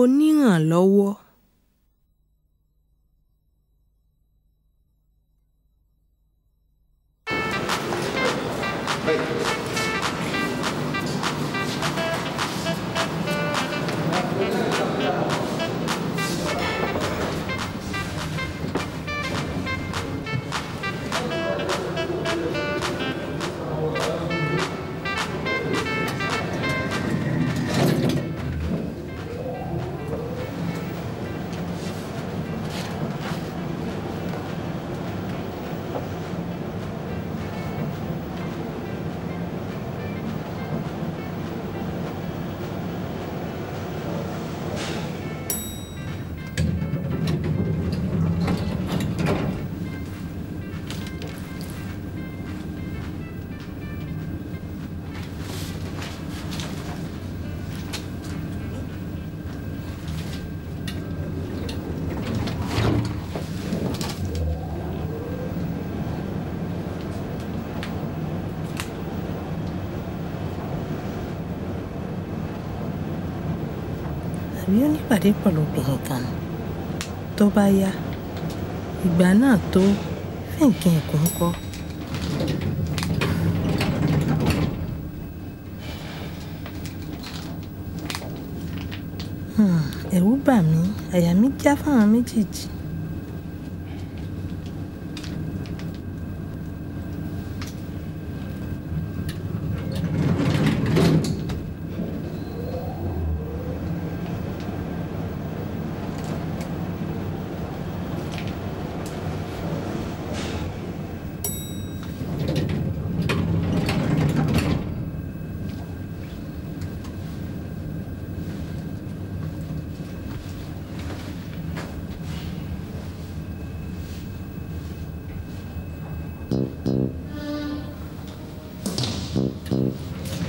onírànlọ́wọ́ Hey. àbí ó nípàdé pẹ̀lú obìnrin kan tó bá yá ìgbà náà tó fẹ̀ǹkì ẹ̀kọ́ kọ́. Hmm, ẹ̀rù bà mí àyà mi já fáwọn méjèèjì. Mm-hmm.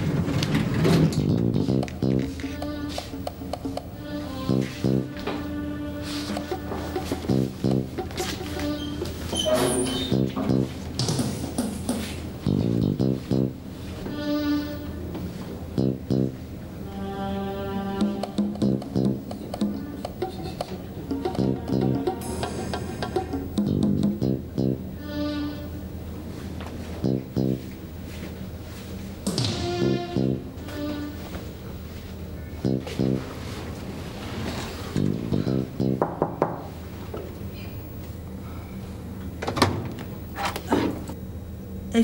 ẹ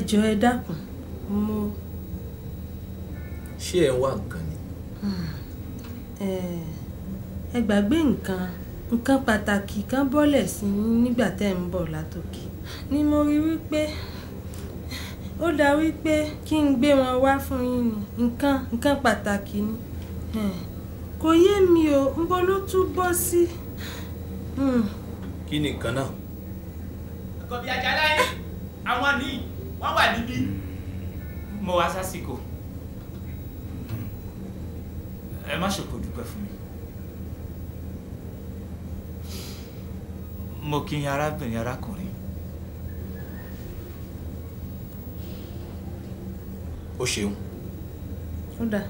jọ ẹ dákun mo. ṣé ẹ wá nǹkan ni. Hmm. Eh, ẹ gbàgbé nǹkan nǹkan pàtàkì kan bọ́lẹ̀ sí yín nígbà tẹ́ ń bọ̀ látòkè ni mo rí wípé ó dá wípé kí n gbé wọn wá fún yín ni nǹkan nǹkan pàtàkì ni kò yé mi o nbo ló tún bọ́ sí. Hmm. kí ni nǹkan náà. ẹ̀kọ́ bíi ajá láyé àwọn ni wọ́n wà níbí mo wá sásìkò ẹ má ṣòkò dúpẹ́ fún mi. mo kí yín arábìnrin arákùnrin. ó ṣeun. ó dáa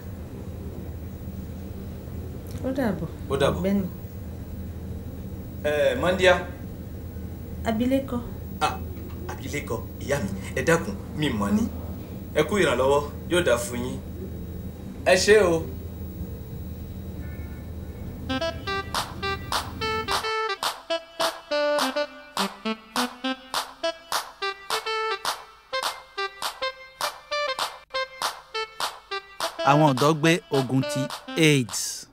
ó dàbọ̀ ó dàbọ̀ bẹ́ẹ̀ni. ẹ mọ́ndíá. abilékọ. ah abilékọ ìyá mi ẹ dákun mi mọ̀ ni ẹ kú ìrànlọ́wọ́ yóò dáa fún yín ẹ ṣé o. àwọn ọ̀dọ́ gbé ogun ti AIDS.